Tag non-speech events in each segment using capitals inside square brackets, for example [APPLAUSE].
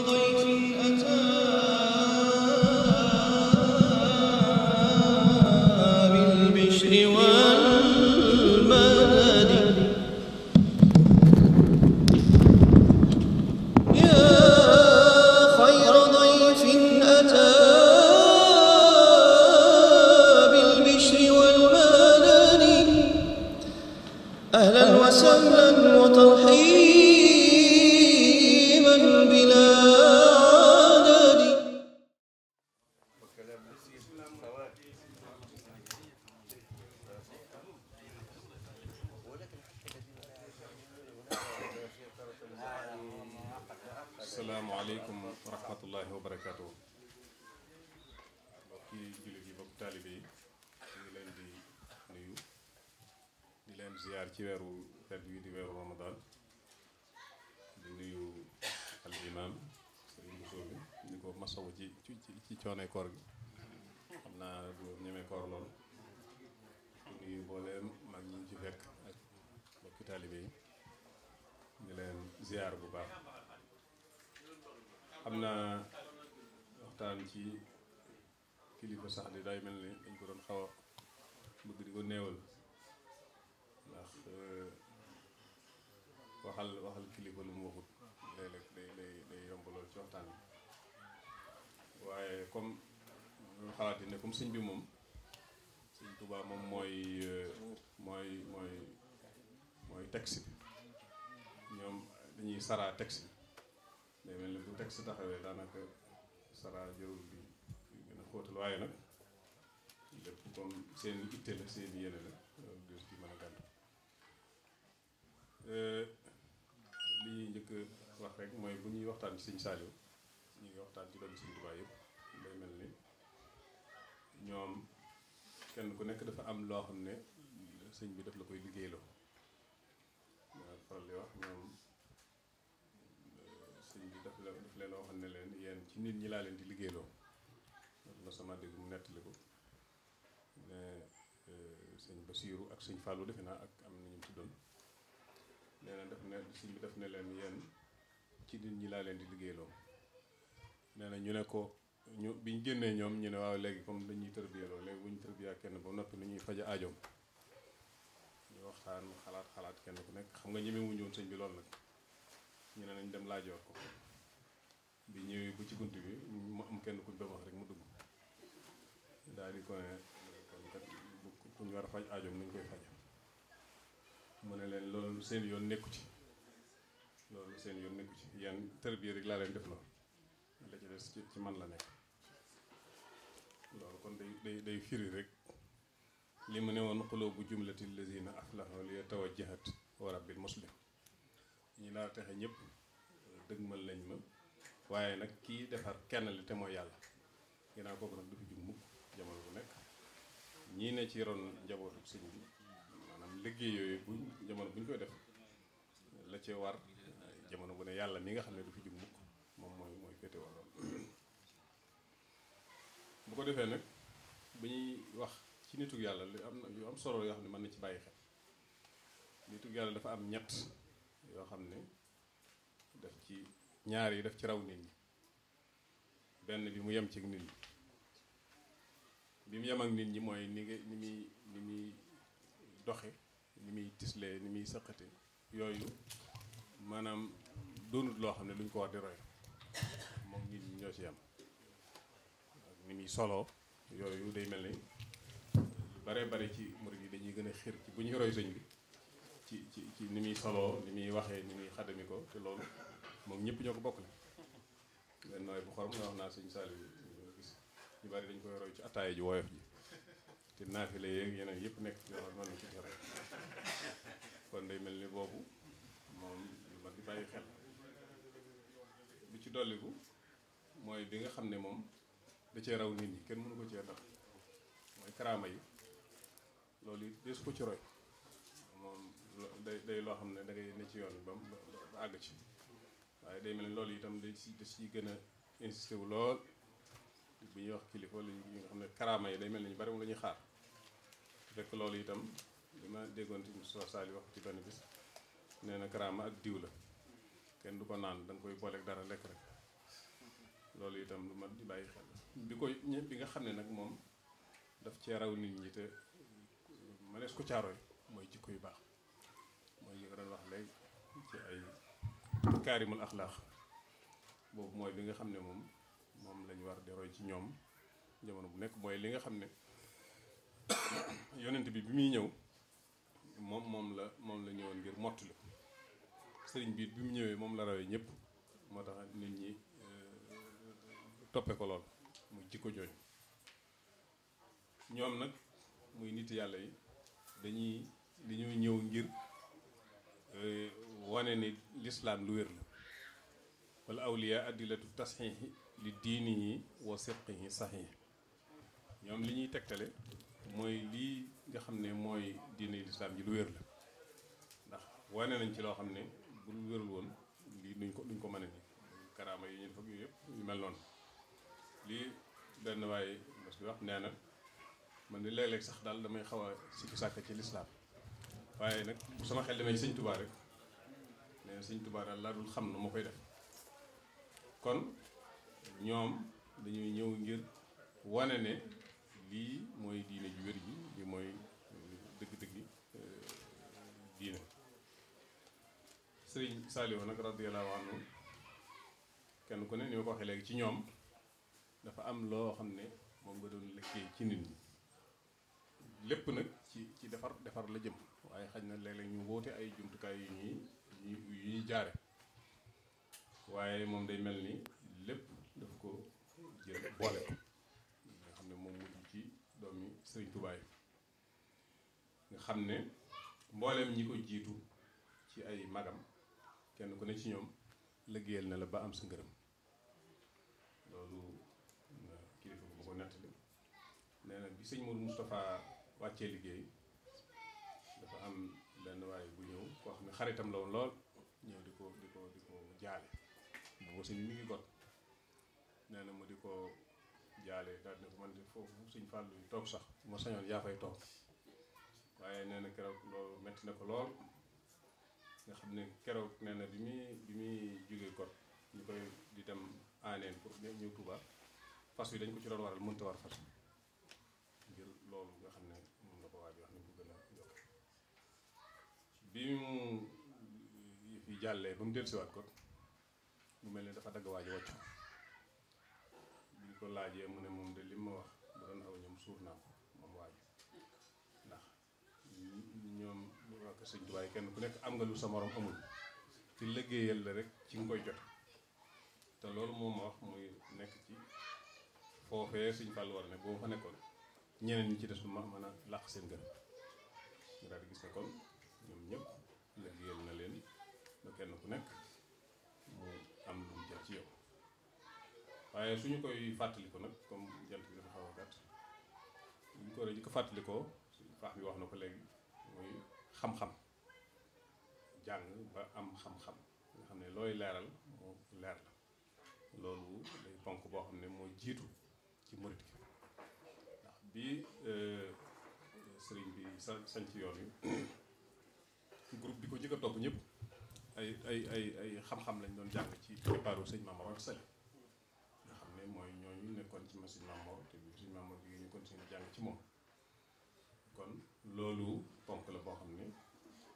الضيق asalaamualeykum wa rahmatullahi wa barakaatu. mbokki jullit yi bokk taalibe yi ñu leen di nuyu di leen ziyaar ci weeru tedd wi di weeru Ramadan di nuyu al imaam Serigne Bousso bi di ko masawu ci ci coonee gi xam naa du ñeme lool di nuyu booleem mag ñi ci fekk ak mbokki taalibe yi. ñu leen ziar bu baax xam naa waxtaan ci kilifa sax di day mel ni dañ ko doon xaw bëgg di ko néewal ndax euh, waxal waxal kilifa lu mu waxut day day day yomb lool ci waxtaan bi waaye comme xalaat yi ne comme sëñ bi moom sëñ Tuubaa moom mooy euh, mooy mooy mooy texte ñoom dañuy saraa texte bi day mel ni bu texte taxawee daanaka saraa jërul bi gën seen itte la seen yéene la a gàntu euh, li ñuy njëkk wax rek mooy bu ñuy waxtaan ci sëñ Saliou ñuy ngi waxtaan ci doomi sëñ Tuubaa yëpp day mel ni ñoom kenn ku nekk dafa am loo xam ne sëñ bi daf la koy liggéeyloo faral di wax ñoom daf leen daf leen waxoon ne leen yéen ci nit ñi laa leen di liggéeyloo loolu la sama dégg mu nettali ko ne euh, sëñ Basiiru ak sëñ Fallou defe naa ak am na ñu ci doon nee na daf ne sëñ leen yéen ci nit ñi laa leen di liggéeyloo nee na ñu ne ko ñu bi ñu génnee ñoom ñu ne waaw léegi comme dañuy tërbiyaloo léegi bu ñu tërbiyaa kenn ba noppi nu ñuy faj a aajoom ñu waxtaan xalaat xalaat kenn ku nekk xam nga ñemewuñu woon sëñ bi loolu nag ñu ne nañ dem laajoor ko bi ñëwee ba ci bunt bi mu am kenn kuñ doon wax rek mu dugg daal di ko ne kon kuñ war a faj aajoom nañ koy faj mu ne leen loolu seen yoon nekku ci loolu seen yoon nekku ci yan tërbiye rek laa leen def loolu la ci des ci ci man la nekk loolu kon day day firi rek li mu ne woon xuloo bu jumlati lazina aflahu li tawajjahat wa rabbil muslim ñi laa texe ñëpp dëgmal lañ ma waaye nag kii defar kenn la te mooy yàlla ginnaaw kooku nag du fi jug mukk jamono bu nekk ñii ne ci ron njabootu sëñ bi maanaam liggéey yooyu bu jamono bu ñu koy def la ci war jamono bu ne yàlla mi nga xam ne du fi jug mukk moom mooy mooy féete war bu ko defee nag bu ñuy wax ci nitug yàlla lu am yu am solo yoo xam ne mën na ci bàyyi xel nitug yàlla dafa am ñett yoo xam ne def ci ñaar yi daf ci raw nit ñi benn bi mu yem ci nit ñi bi mu yem ak nit ñi mooy ni nga ni muy ni muy doxe ni muy tislee ni muy sëqate yooyu maanaam doonut loo xam ne lu ñu ko wax di roy moom nit ñi ñoo ci yem ni muy soloo yooyu day mel ni lu bare bare ci murid yi dañuy gën a xir ci bu ñuy roy sëñ bi ci ci ci ni muy soloo ni muy waxee ni muy xadami ko te loolu moom ñëpp ñoo ko bokk le benn nooy naa sëñ Saliou gis ñu bari koy roy ci attaaya ji woyof te naafile yeeg yeneen yëpp nekk yoo xam noonu ci tere day mel ni boobu moom di bàyyi xel bi ci dolliku mooy bi nga xam ne moom da cee raw nit ñi kenn mënu ko cee tax mooy karaama yi loolu it dees ko ci roy moom day day loo xam ne dangay ne ci yoon ba ba àgg ci waaye day mel ne loolu itam da ci da gën a insisté wu lool bu ñuy wax kilifa li nga xam ne karaama yi day mel ne ñu bari mu la ñuy xaar fekk loolu itam li ma déggoon ci Moussa nee na karaama ak diw la kenn du ko naan da koy booleeg dara lekk rek loolu itam lu ma di bàyyi xel bi ko bi nga xam ne nag moom daf cee raw nit ñi te manees ko caaroy mooy jikk yu baax mooy yi nga doon wax léegi makaarimul axlaax boobu mooy li nga xam ne moom moom lañ war di roy ci ñoom jamono bu nekk mooy li nga xam ne [COUGHS] yonent bi bi muy ñëw moom moom la moom la ñëwoon ngir mott li sëriñ bi bi mu ñëwee moom la rawee ñëpp moo tax nit ñi euh, toppe ko lool mu jikko jooju ñoom nag muy nit yàlla yi dañuy dañoo ñëw ngir euh, wane ni lislaam lu wér la wala awliya addilatu tasxiixi li diinihi wa sidqihi saxiix ñoom li ñuy tegtale mooy lii nga xam ne mooy diine lislaam ji lu wér la ndax wane nañ ci loo xam ne bu lu wérul woon lii duñ ko duñ ko mën a ni karaama yi ñu def ak yooyu yëpp yu mel noonu lii benn waaye mos bi wax nee na man ni léeg-léeg sax daal damay xaw a sikki sàkk ci lislaam waaye nag bu sama xel demee ci sëñ Tuubaa siñ na sëñ laa dul xam na ma koy def kon ñoom dañuy ñëw ngir wane ne lii mooy diine ju wér ji li mooy euh, dëgg-dëgg euh, diine sëriñ Saliou nag radiyallahu anhu kenn ku ne ni ma ko waxee léegi ci ñoom dafa am loo xam ne moom nga doon lëkkee ci nit ñi lépp nag ci ci defar defar la jëm waaye xaj na léeg ñu wóote ay jumtukaay yu ñuy yu ñuy jaare waaye moom day mel ni lépp daf ko jël boole nga xam ne moom mujj ci doomi Sëriñ Tuubaa nga xam ne mbooleem ñi ko jiitu ci ay magam kenn ku ne ci ñoom liggéeyal na la ba am sa ngërëm loolu kilifa bu ko nettali nee na bi sëñ Modou Moustapha wàccee liggéey dafa am koo xam ne xaritam la woon lool ñëw di ko di ko di ko jaale boobu sëñ mi ngi got nee na mu di ko jaale daal ne ko man de foofu suñ fàllu yi toog sax ma sañoon yaa fay toog waaye nee na keroog loolu metti na ko lool nga xam ne keroog nee na bi muy bi muy jógee got ñu koy di dem aaneen pour ñëw Tuuba fas wi dañ ko ci doon waral mënta war fas ngir loolu nga xam ne bi mu fi jàllee ba mu dellusiwaat ko mu mel ne dafa dagg waaj wàccu bi ko laajee mu ne moom de li ma wax ba doon aw ñoom suur naa ko moom waaju ndax ñoom ak sëñ Tuubaa kenn ku nekk am nga lu sa morom amul rek ci nga koy jot te loolu moom ma wax muy nekk ci foofee suñ fàll war ne boo fa nekkoon ñeneen ñi ci des du ma mën a làq seen gën nga daal gis ne kon waaye su ñu koy fàttaliku nag comme jant xaw a gàtt bu ñu ko war fàttalikoo faax bi wax na ko léegi muy xam-xam jàng ba am xam-xam nga xam ne looy leeral moo leer la loolu day ponk boo xam ne mooy jiitu ci murit gi bi euh, sëriñ bi sa sanc yoon yi [COUGHS] groupe bi ko jëkk a topp ñëpp ay ay ay ay xam-xam lañ doon jàng ci préparu sëñ Mamadou Sall mooy ñooñu nekkoon ci machine Mamor te bi machine Mamor bi ñu continué jàng ci moom kon loolu ponk la boo xam ne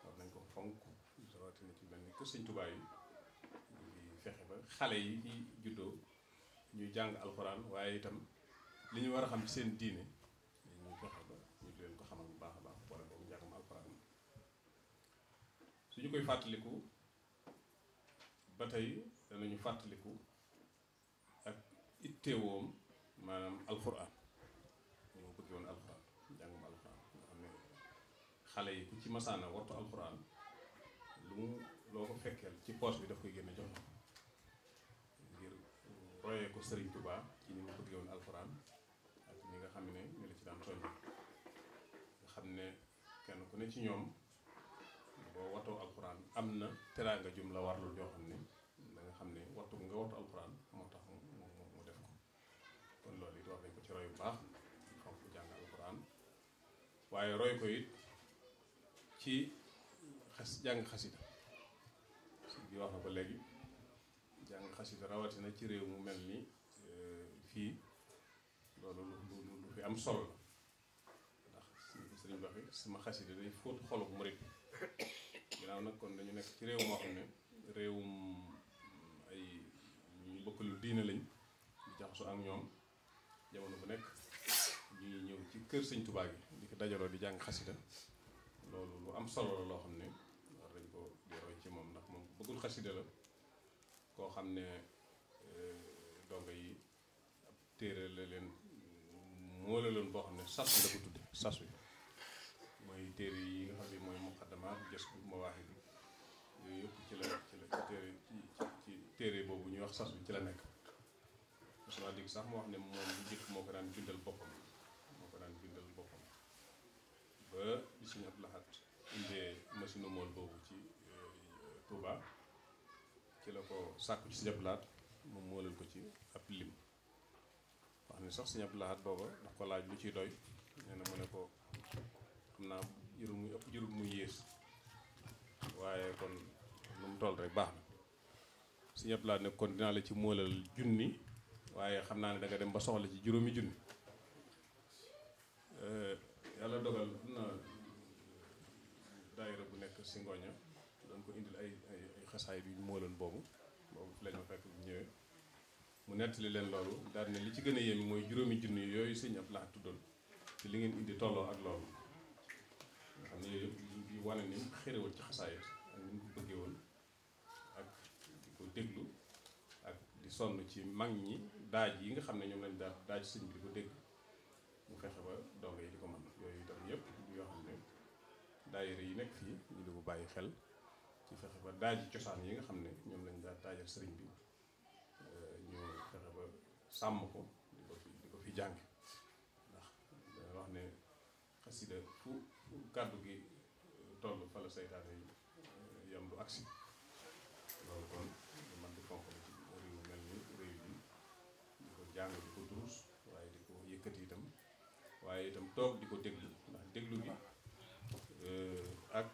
war nañ ko fonk rawatina ci mel ni kër Sëñ fexe ba xale yi fi juddoo jàng alxuraan waaye itam li ñu war a xam seen diine ñu fexe leen ko xamal bu baax a baax boole boobu njàngam alxuraan suñu koy fàttaliku ba tey danañu fàttaliku itteewoom maanaam alxuraan ni mu bëggee woon alxuraan jàngum alxuraan nga xam ne xale yi ku ci masaana wattu alxuraan lu mu loo ko fekkeel ci poche bi daf koy génn jox ngir royee ko Sëriñ Tuubaa ci ni mu bëggee woon alxuraan ak ñi nga xam ne ñu la ci daan soññ nga xam ne kenn ku ne ci ñoom boo watoo alxuraan am na nga jum la warlul joo xam ne da xam ne wattu nga wattu alxuraan war nañ ko ci roy bu baax fonk jàng waaye roy ko it ci xas jàng xasida si bi na ko léegi jàng xasida rawatina ci réew mu mel ni eh, fii loolu lu lu fi am sol la ndax sëriñ sama xasida day fóot xolub murit ginnaaw nag kon dañu nekk ci réew moo xam ne réewum ay ñu lu diine lañ di jaxasoo ak ñoom jamono bu nekk ñuy ñëw ci kër sëñ Tuubaa gi di ko dajaloo di jàng xasida loolu lu am solo la loo xam ne war ko ci moom ndax moom bëggul xasida la koo xam ne eh, yi ab téere la leen moo la leen boo xam ne sas la ko tudde sas wi mooy téere yi nga xam ne mooy muqaddamaat jës bu ma waaxe bi yooyu yëpp ci la ci la ci téere ci ci téere boobu ñuy wax sas bi ci la nekk mos naa dégg sax moo wax ne moom bu njëkk moo ko daan bindal boppam moo bindal boppam ba bi suñu Abdou indee machine mool boobu ci euh, Touba ci la ko sàkku ci suñu Abdou moom moolal ko ci ab lim wax ne sax suñu Abdou booba daf ko laaj lu ciy doy nee mu ne ko xam naa jërul muy ëpp yées waaye kon lu mu toll rek baax na suñu Abdou ne kon ci moolal junni waaye xam naa ne danga dem ba soxla ci juróomi junni euh, yàlla dogal am na bu nekk si ngooña doon ko indil ay ay xasaay bi moo leen boobu boobu fi lañ fekk bu ñëwee mu nettali leen loolu daal ne li ci gën a yéeme mooy juróomi junni yooyu sëñ ab laa tuddoon te li ngeen indi tolloo ak loolu nga xam ne yooyu yëpp yi wane ni xërewal ci xasaayit ak ni mu bëggee woon ak di ko déglu ak di sonn ci mag ñi daaj yi nga xam ne ñoom lañ daal daaj sëñ bi di ko dégg mu fexe ba dong yi di ko mën yooyu itam yëpp yoo xam ne daayira yi nekk fii ñu di ko bàyyi xel ci fexe ba daaj cosaan yi nga xam ne ñoom lañ daa daajal sëriñ bi euh, ñu fexe ba sàmm ko di ko fi di ko fi jàng ndax dana wax ne xasida fu kàddu gi toll fa la seytaane yam du agsi loolu kon man di fonk jàng di ko durus waaye di ko yëkkati itam waaye itam toog di ko déglu ndax déglu bi eh, ak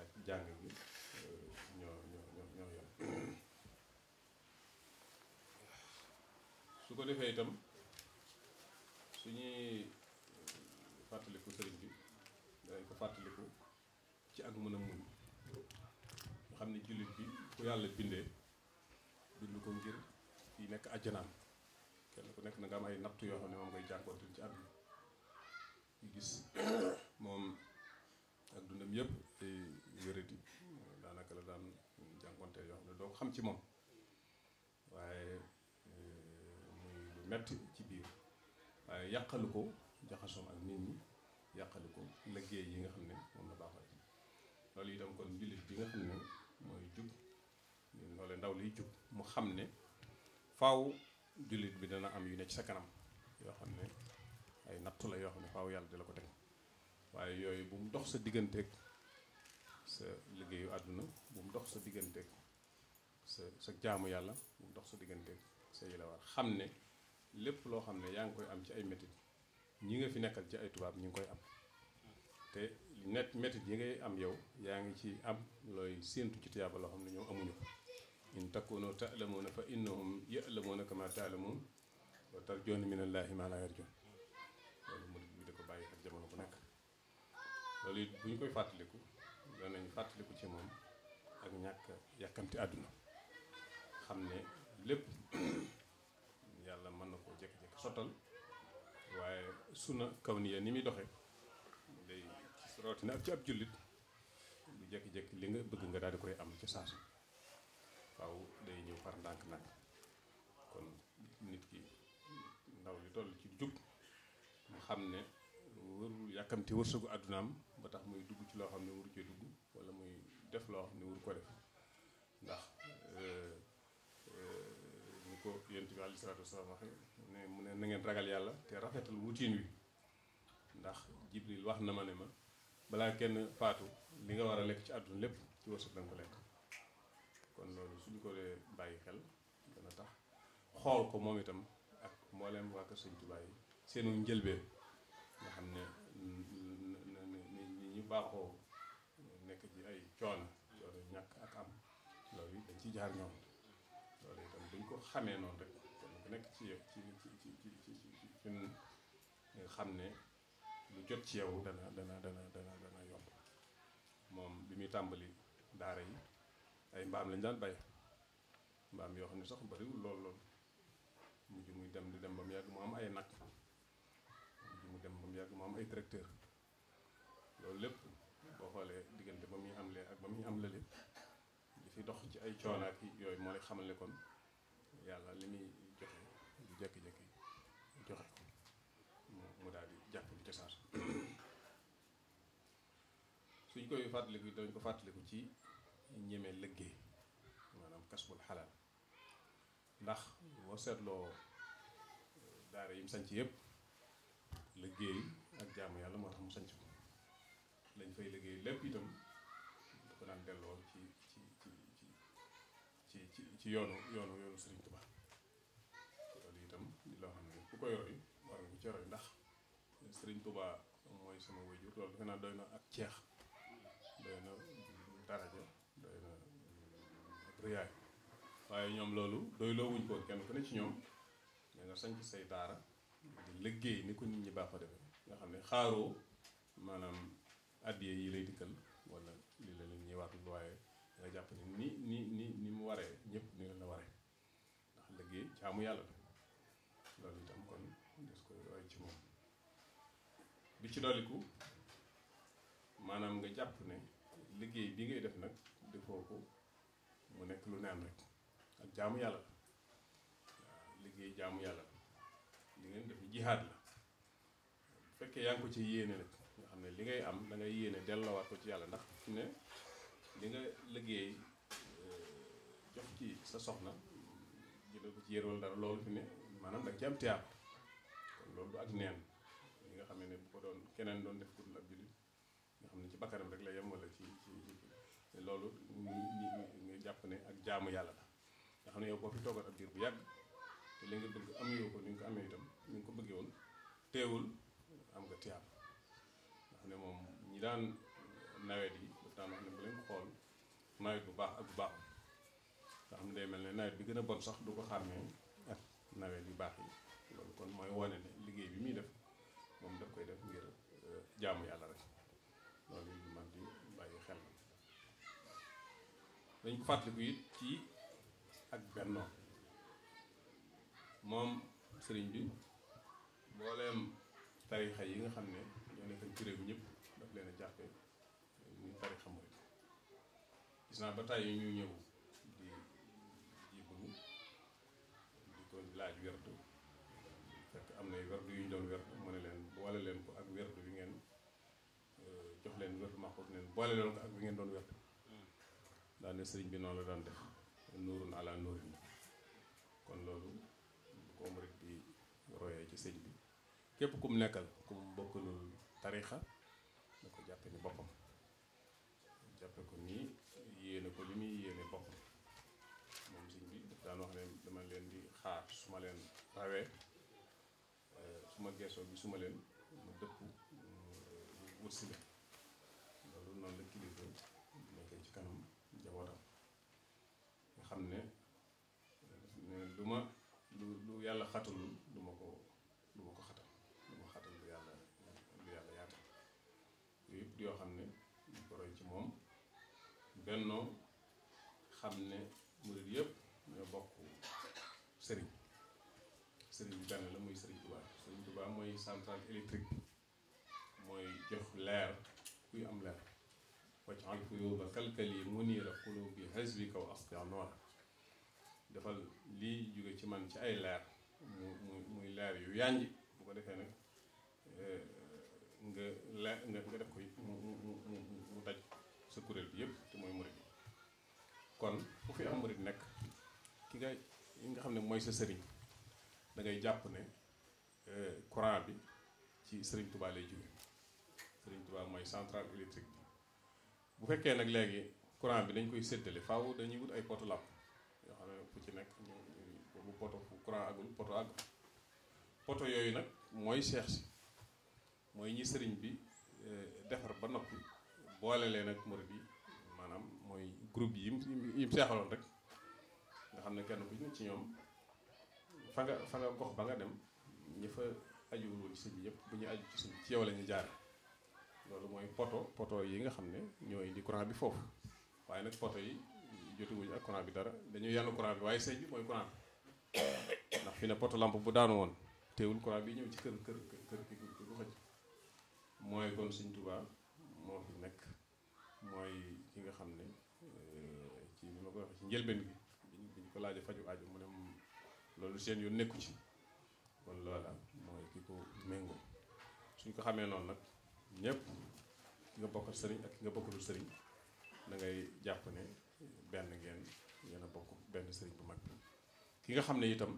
ak jàng bi eh, ñoo su ko defee itam suñuy fàttaliku sëriñ bi danañ ko fàttaliku ci ak mën muñ nga xam ne jullit bi ku yàlla bindee bind ko ngir yi nekk àjjanaam kenn ku nekk na nga am ay nattu yoo xam ne moom ngay jànkuwanteel ci àdduna ñu gis [COUGHS] moom ak dundam yëpp ay daanaka la daan jànkuwanteel yoo xam ne doo ko xam ci moom waaye eh, muy lu metti ci biir waaye yàqalu ko jaxasoom ak nit ñi yàqalu ko liggéey yi nga xam ne moom la baaxal loolu itam kon jullit bi nga xam ne mooy jub loole ndaw liy jub mu xam ne faw jullit bi dana am yu ne ci sa kanam yoo xam ne ay nattu la yoo xam ne faaw yàlla di la ko teg waaye yooyu bu mu dox sa digganteeg sa liggéeyu àdduna bu mu dox sa digganteeg sa sa jaamu yàlla bu mu dox sa digganteeg sa yelewaan xam ne lépp loo xam ne yaa ngi koy am ci ay métit ñi nga fi nekkal ci ay tubaab ñi ngi koy am te net métit yi ngay am yow yaa ngi ci am looy séentu ci tiyaaba loo xam ne ñoom amuñu in takunu a fa innahum ya'lamuuna kama ta'lamuun wa tarjuuna minallaahi maa laa yarjuun loolu murid bi da ko bàyyi xel jamono bu nekk loolu it bu ñu koy fàttaliku danañ fàttaliku ci moom ak ñàkk yàkkamti àdduna xam ne lépp [COUGHS] yàlla mën na koo jékki-jékki sottal waaye sunna kaw ni ya ni muy doxe day na ak ci ab jullit bu jékki-jékki li nga bëgg nga daal di koy am ci saasu faw day ñëw par ndànk nag kon nit ki ndaw li toll ci jub mu xam ne wërul yàkkamti wërsëgu àddunaam ba tax muy dugg ci loo xam ne waru cee dugg wala muy def loo xam ne waru ko def ndax ñu euh, euh, ko yonent bi aleyhi salaatu wa salaam waxe ne mu ne na ngeen ragal yàlla te rafetal wutiin wi ndax jibril wax na ma ne ma balaa kenn faatu li nga war a lekk ci àdduna lépp ci wërsëg da ko lekk kon loolu suñu ko dee bàyyi xel dana tax xool ko moom itam ak mbooleem waa Kër Sëñ Tuubaa yi seenu njëlbeen nga xam ne ni ñu baaxoo nekk ci ay coono coono ñàkk ak am loolu dañ ci jaar ñoom loolu itam buñ ko xamee noonu rek kon ku nekk ci yow ci ci ci ci ci xam ne lu jot ci yow dana dana dana dana dana yomb moom bi muy tàmbali daara yi ay mbaam lañ daan bay mbaam yoo xam ne sax bariwul loolu lool mujj muy dem di dem ba mu yàgg mu am ay nag mujj mu dem ba mu yàgg mu am ay tracteur loolu lépp boo xoolee diggante ba muy am lee ak ba muy am lële di fi dox ci ay coonaak yooyu moo lay xamal ne kon yàlla li muy joxe du jékki-jékki joxe mu daal di jàpp di tasaar [COUGHS] suñ koy fàttaliku dañ ko fàttaliku ci ñeme liggéey maanaam kasbul xalaal ndax boo seetloo eh, daara yi mu sanc yëpp liggéey ak jaamu yàlla moo tax mu sanc ko lañ fay liggéey lépp itam da ko daan delloo ci ci ci ci ci ci yoonu yoonu yoonu Sëriñ Tuubaa loolu itam loo xam ne ku ko yoroy war nga ko ndax Sëriñ Tuubaa mooy sama wajur loolu defe naa doy na ak ceex doy na daraja riyaay waaye ñoom loolu doyloo wuñ ko kenn ku ne ci ñoom da nga sanc say daara liggéey ni ko nit ñi baax a defee nga xam ne xaaroo maanaam addiye yi lay dikkal wala li la leen ñuy waatul waaye nga jàpp ni ni ni ni mu waree ñëpp ni la la waree ndax liggéey jaamu yàlla la loolu itam kon des koy roy ci moom bi ci dolliku maanaam nga jàpp ne liggéey bi ngay def nag defoo ko bu nekk lu neen rek ak jaamu yàlla waaw liggéey jaamu yàlla li ngeen def jihaad la bu fekkee yaa ngi ko ci yéene nag nga xam ne li ngay am da ngay yéene delloowaat ko ci yàlla ndax fi ne li nga liggéey eh, jox ci sa soxna jëlee ko ci yéer wala dara loolu fi ne maanaam da nga ci am loolu du ak neen li nga xam ne bu ko doon keneen doon def ku dul ab jullit nga xam ne ci bakkanam rek la yem wala ci ci loolu ñu ñu jàpp ne ak jaamu yàlla la nga xam ne yow boo fi toogal ab diir bu yàgg te li nga am ko ni nga ko amee itam ni nga ko bëggee woon teewul am nga tiyaab nga xam ne moom ñi daan nawet yi daf daan wax xool nawet bu baax ak bu baaxul nga day mel ne nawet bi gën a bon sax du ko xàmmee nawet yu baax yi loolu kon liggéey bi muy def moom daf koy def euh, jaamu yàlla rek dañ ko fàttaliku it ci ak bennoo moom sëriñ bi mbooleem tarixa yi nga xam ne ñoo nekk ci réew ñëpp daf leen a jàppe ñu tarixa gis naa ba tey yi ñuy ñëw di jébbalu di ko laaj werdu fekk am na werdu yu ñu doon werdu mu ne leen boole leen ko ak werdu bi ngeen euh, jox leen werdu ma ko leen boole leen ko ak bi ngeen doon werdu daal ne bi noonu la daan def nuurun ala nuurin kon loolu ko murit bi royee ci sëñ bi képp kum nekkal kum bokkalul tarixa na ko jàppe ni boppam jàppe ko nii yéene ko li muy yéene boppam moom sëñ bi daf daan wax ne dama leen di xaar su ma leen rawee su geesoo bi suma leen mu dëpp wut si leen loolu noonu la kilifa nekkee ci kanam njabootam xam ne lu ma lu lu yàlla xatul du ma ko du ma ko xatal du ma xatal lu yàlla lu yaatal yooyu yëpp yoo xam ne ñu ko roy ci moom bennoo xam ne murid yëpp ñoo bokk sëriñ sëriñ benn la muy sëriñ Tuubaa sëriñ Tuubaa mooy centrale électrique mooy jox leer kuy am leer alquyuba kalkali munira qulubi hasbika wa astia noora defal lii jóge ci man ci ay leer mu muy leer yu yànj bu ko defee nag nga leer nga nga def ko mu mu mu mu daj sa kuréel bi yëpp te mooy murid kon fu fi am murid nekk ki nga nga xam ne mooy sa sëriñ dangay jàpp ne euh, courant bi ci sëriñ Touba lay jóge sëriñ Touba mooy central électrique bu fekkee nag léegi courant bi dañ koy séddale faw dañuy wut ay poto làmp yoo xam ne fu ci nekk ñu bu poto fu courant agul poto àgg poto yooyu nag mooy seex si mooy ñi sëriñ bi eh, defar ba noppi boole leen ak murid yi maanaam mooy groupe yi yim seexaloon rek nga xam ne kenn ku ne ci ñoom fa nga fa nga gox ba nga dem ñi fa ajuwul sëñ bi yëpp bu ñu aju ci sëñ ci yow la ñu jaar loolu mooy poto poto yi nga xam ne ñoo indi courant bi foofu waaye nag poto yi jotuwuñu ak courant bi dara dañuy yàlla courant bi waaye sëñ bi mooy courant bi [COUGHS] ndax fi ne poto lamp bu daanu woon teewul courant bi ñëw ci kër kër kër ki du xëj mooy nekk mooy ki nga xam ne euh, ci ni ci njëlbeen bi bi ñu ko laajee faju aju mu ne loolu seen yoon nekku ci kon loola mooy ki ko méngoo suñ ko xamee noonu nag ñëpp ki nga bokkal sëriñ ak nga bokkalul sëriñ da ngay jàpp ne benn ngeen yéen bokk benn sëriñ bu mag bi ki nga xam ne itam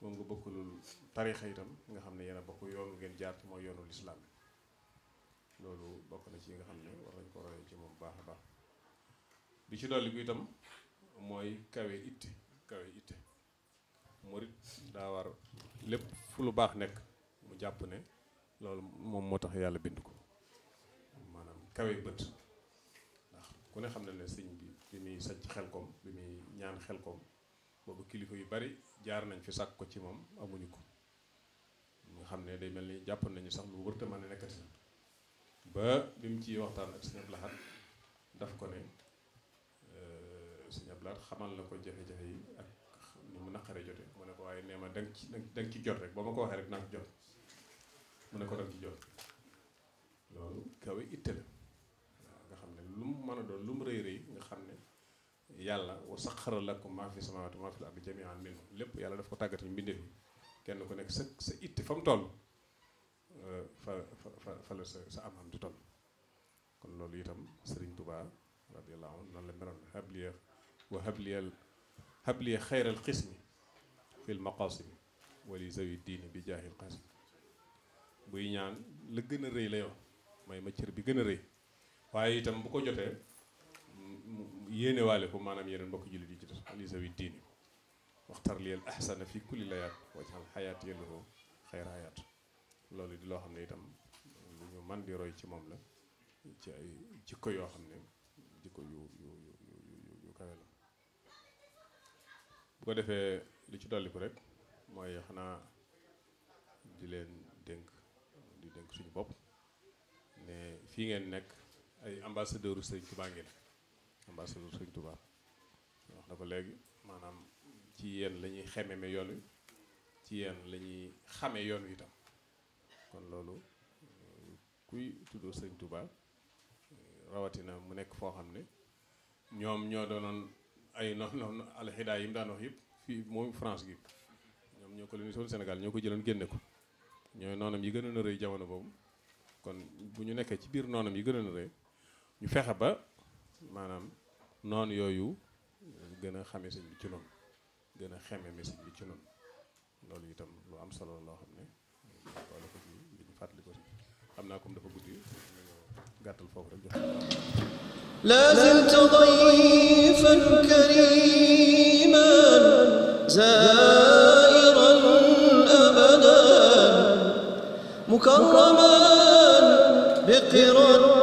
moom nga bokkalul tariixa itam nga xam ne yéen a bokk yoonu ngeen jaar ci mooy yoonu lislaam loolu bokk na ci nga xam ne war nañ ko royee ci moom baax a baax bi ci dolli ko itam mooy kawe itte kawe itte murit daa war lépp fu lu baax nekk mu jàpp ne loolu moom moo tax yàlla bind ko kawe bët ndax ku ne xam na ne sëñ bi bi muy sàcc xel koom bi muy ñaan xel koom boobu kilifa yu bari jaar nañ fi sàkk ko ci moom amuñu ko nga xam ne day mel ni jàpp nañu sax lu wërta mën a nekkati ba bi mu ciy waxtaan ak sëñ Abdou ko ne euh, sëñ Abdou Lahad xamal na ko jafe-jafe yi ak ni mu naqare jote mu ne ko waaye nee ma danga ci jot rek boo ma ko waxee rek naa ko jot mu ne ko danga ci jot loolu kawe itte la lu mu mën a doon lu mu rëy rëy nga xam ne yàlla wa sax lakum maa fi samaawaati maa fi al ardi jamii'an minhu lépp yàlla daf ko tàggatal mbindeef yi kenn ko nekk sa it fa mu toll euh, fa fa fa la sa am-am di toll kon loolu itam sëriñ Tuubaa radiyallaahu anhu noonu la meroon habliya wa habliyal habliya xayral xismi fil maqaasimi wali zawi diini bi jaahil qaasimi buy ñaan la gën a rëy la yoon may ma cër bi gën a rëy waaye itam bu ko jotee yéene waale ko maanaam yeneen mbokk jullit yi ci des lii sawi diini waxtar liyal ahsana fi kulli layaat wajal xayaat yelluhu xayra xayaat loolu di loo xam ne itam lu ñu man di ci moom la ci ay jikko yoo xam ne jikko yu yu bu ko defee li ci dolliku rek mooy xanaa di leen dénk di dénk suñu bopp ne fii ngeen nekk ay ambassadeur Sëriñ Tuubaa ngeen ambassadeur Sëriñ Tuubaa wax na ko léegi maanaam ci yéen lañuy ñuy xememe yoon wi ci yéen la ñuy xame yoon wi itam kon loolu kuy tuddoo Sëriñ Tuubaa rawatina mu nekk foo xam ne ñoom ñoo doonoon ay noonu noonu alxidaa yi mu daan wax yëpp fii moom France gi ñoom ñoo ko colonisoon Sénégal ñoo ko jëloon génne ko ñooy noonam yi gën a rëy jamono boobu kon bu ñu nekkee ci biir noonam yi gën a ñu fexe ba maanaam noonu yooyu gën a xame sëñ bi ci noonu gën a xeme message bi ci noonu loolu itam lu am solo loo xam ne boole ko ci li ñu foofu rek zairan abadan mukarraman biqiran